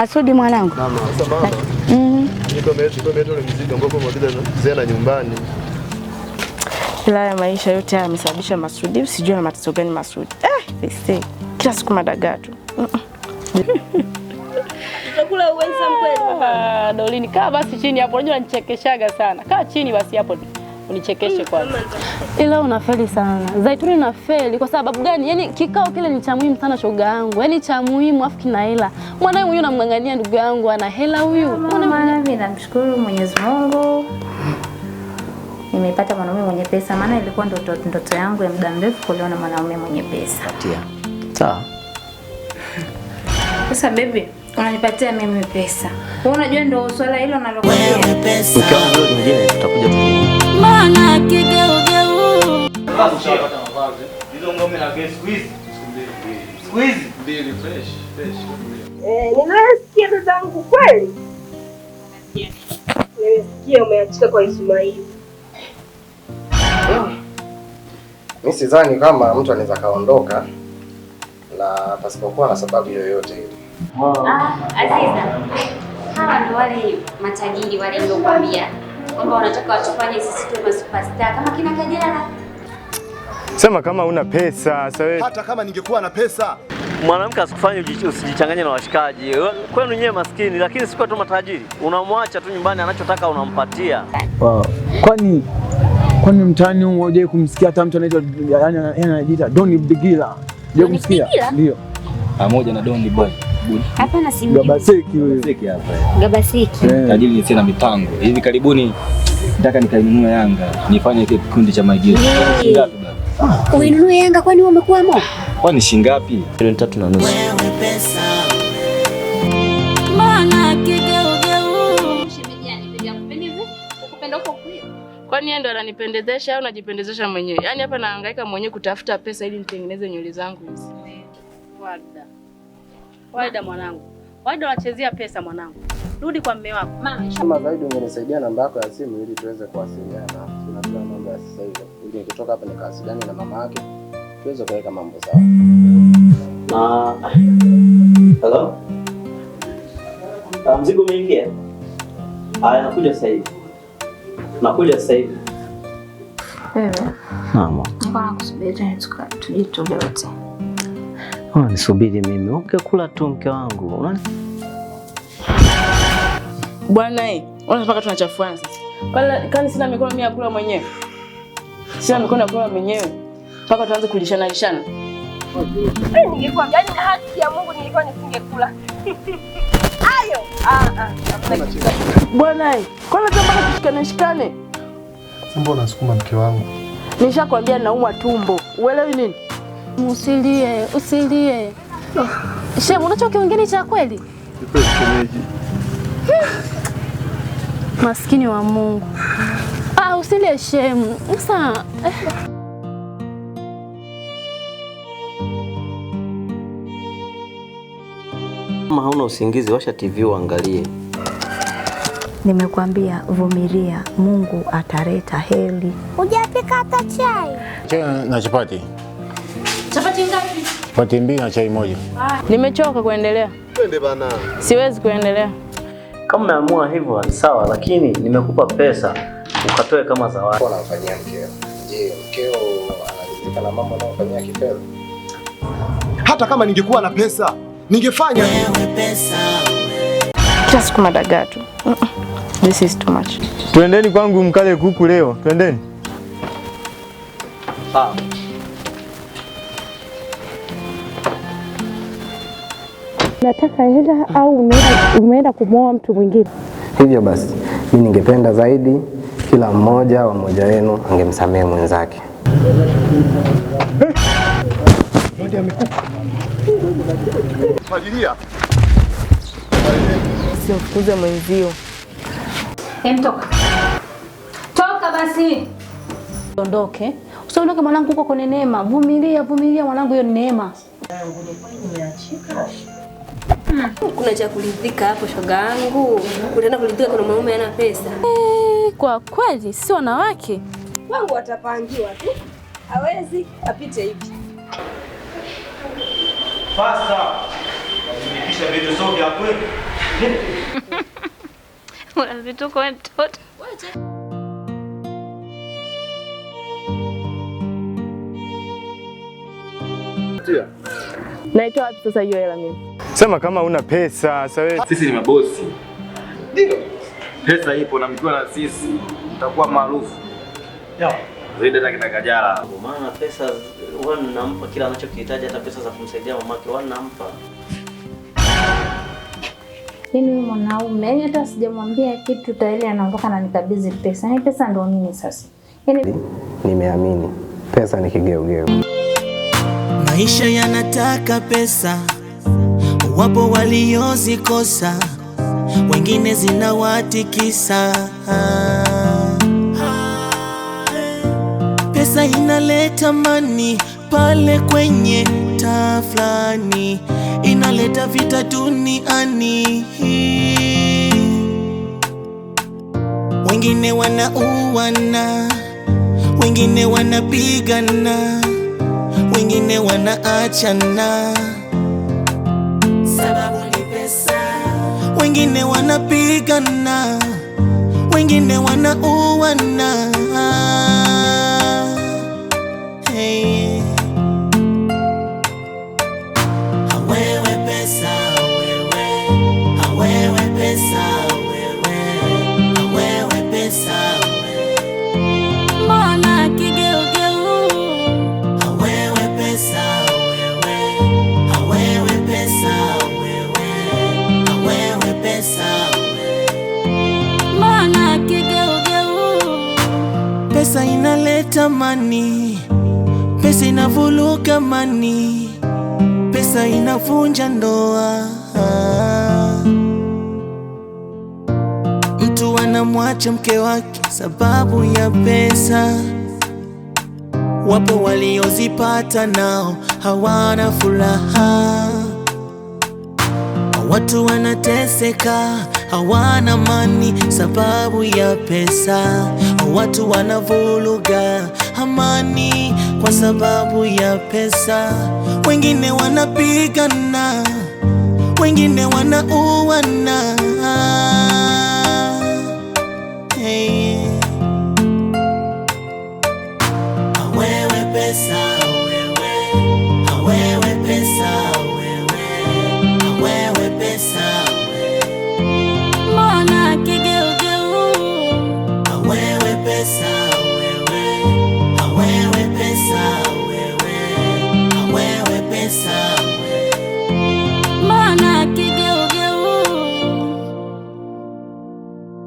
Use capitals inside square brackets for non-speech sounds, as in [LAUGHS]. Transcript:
Masudi mwanangu, mm-hmm. na nyumbani ila ya maisha yote haya yamesababisha Masudi, sijui na matatizo gani Masudi. Eh, kila siku madagaa tu [LAUGHS] ah, Dolini, kaa basi chini hapo, unajua nichekeshaga sana. Kaa chini basi hapo unichekeshe kwanza. Ila unafeli sana Zaituni, unafeli kwa sababu gani? yani kikao kile ni cha muhimu sana, shoga yangu, yani cha muhimu, afu kina hela. Mwanae huyu namng'ang'ania, ndugu yangu ana hela huyu. Mimi namshukuru Mwenyezi Mungu nimepata mwanaume mwenye pesa, maana ilikuwa ndoto, ndoto yangu ya muda mrefu kuliona mwanaume mwenye pesa. Sawa. Sasa baby, unanipatia mimi pesa. unajua ndio swala hilo nalokuwa. Pesa. Ukiona ndio nyingine tutakuja Mana kigeugeu. Nimesikia dada yangu kweli, nimesikia umeachika kwa Ismaili. Mimi sidhani kama mtu anaweza kaondoka na pasipokuwa na sababu yoyote ile. Ah, Aziza, hawa ndo wale matajiri wale ndio kwambia kwamba wanataka watufanye sisi tuwe masuperstar kama kina Kajala. Sema kama una pesa sawe. Hata kama ningekuwa na pesa mwanamke asikufanye usijichanganye na washikaji kwenu nyewe maskini, lakini sikuwa tu matajiri. Unamwacha tu nyumbani, anachotaka unampatia. Wow. kwani kwani mtaani hujawahi kumsikia hata mtu anaitwa yani anajiita Doni Bigila? Je, kumsikia? Ndio. Pamoja na Doni Boy. Hapana, si Gabaseki wewe. Gabaseki. Eh. Tajiri ni sina mipango. Hivi karibuni nataka nikainunue Yanga nifanye kile kikundi cha maigizo. Ah, uinunue Yanga kwani umekuwa mo? Kwani shilingi ngapi? Milioni tatu na nusu. Wewe pesa. Maana kigeugeu. Shemeji nipiga mpeni hivi. Ukupenda huko kweli? Kwani yeye ndo ananipendezesha au najipendezesha mwenyewe? Yaani hapa naangaika mwenyewe kutafuta pesa ili nitengeneze nywele zangu hizi. Wada. Waida mwanangu, Waida unachezea pesa mwanangu, rudi kwa mme wako. Mama zaidi, ungenisaidia namba yako ya simu ili tuweze kuwasiliana, tunataka mambo ya sasa hivi, ili nikitoka hapa nikawasiliane na mama yake tuweze kuweka mambo sawa. Ma... hello, ah, mzigo umeingia? Haya, ah, nakuja sasa hivi, nakuja sasa hivi. Mama, niko nakusubiri, tujitoke wote. Ah, nisubiri mimi, ungekula tu mke wangu bwana. eh, Unataka tunachafuana sasa? Kani sina mikono mimi ya kula mwenyewe, sina mikono ya kula mwenyewe mpaka tuanze kulishana lishana. Ningekuwa yaani, haki ya Mungu nilikuwa nisingekula [LAUGHS] ah. ah bwana eh, kwanza mpaka tushikane shikane. Mbona unasukuma mke wangu? Nishakwambia naumwa tumbo, uelewi nini? Usilie, usilie. Oh. Shemu, unachokiongea ni cha kweli? Maskini wa Mungu. Ah, usilie Shemu. Sasa eh. kama hauna usingizi, washa TV uangalie. Nimekuambia vumilia, Mungu ataleta heli. Hujapika hata chai. Chai na chapati. Pati mbili na chai moja. Nimechoka kuendelea. Twende bana. Siwezi kuendelea. Kama umeamua hivyo ni sawa, lakini nimekupa pesa ukatoe kama zawadi. Anamfanyia mkeo. Je, mkeo anaridhika na mambo anayofanyia kifedha? Hata kama ningekuwa na pesa ningefanya. Just kumadagaa tu. This is too much. Twendeni kwangu mkale kuku leo, twendeni. Sawa. Ah, Nataka hela au umeenda, umeenda kumwoa mtu mwingine? Hivyo basi mimi ningependa zaidi kila mmoja wa mmoja wenu angemsamehe mwenzake. Simfukuze mwenzio. Toka toka basi, ondoke. Usiondoke mwanangu, huko kwenye neema. Vumilia, vumilia mwanangu, hiyo ni neema. Hmm. Kuna cha kulidhika hapo shoga yangu. Utaenda kulidhika kuna mwanaume ana pesa. Hey, eh, kwa kweli si wanawake wangu watapangiwa tu. Hawezi apite hivi. Pasta. Nipisha vitu soga hapo. [LAUGHS] Una vitu kwa mtoto. Wacha. Naitoa wapi sasa hiyo hela mimi? Sema kama una pesa sawa. Sisi ni mabosi. Ndio. Pesa ipo na mkiwa na sisi mtakuwa maarufu. Yeah. Zaidi hata kina Kajala. maana pesa wewe nampa kila anachokihitaji hata pesa za kumsaidia mamake wewe nampa. Yaani huyu mwanaume, yaani hata sijamwambia kitu tayari anaondoka na nikabidhi pesa. Ni yaani pesa ndio nini sasa? Yaani nimeamini pesa ni kigeugeu. Maisha yanataka pesa. Wapo waliozikosa, wengine zinawatikisa. Pesa inaleta mani pale kwenye taa fulani, inaleta vita duniani. Wengine wanauana, wengine wanapigana, wengine wanaachana wengine wanapigana, wengine wanauana tamani, pesa inavuruga mani, pesa inavunja ndoa. Mtu anamwacha mke wake sababu ya pesa. Wapo waliozipata nao hawana furaha, watu wanateseka hawana amani sababu ya pesa. Watu wanavuruga amani kwa sababu ya pesa. Wengine wanapigana, wengine wanauana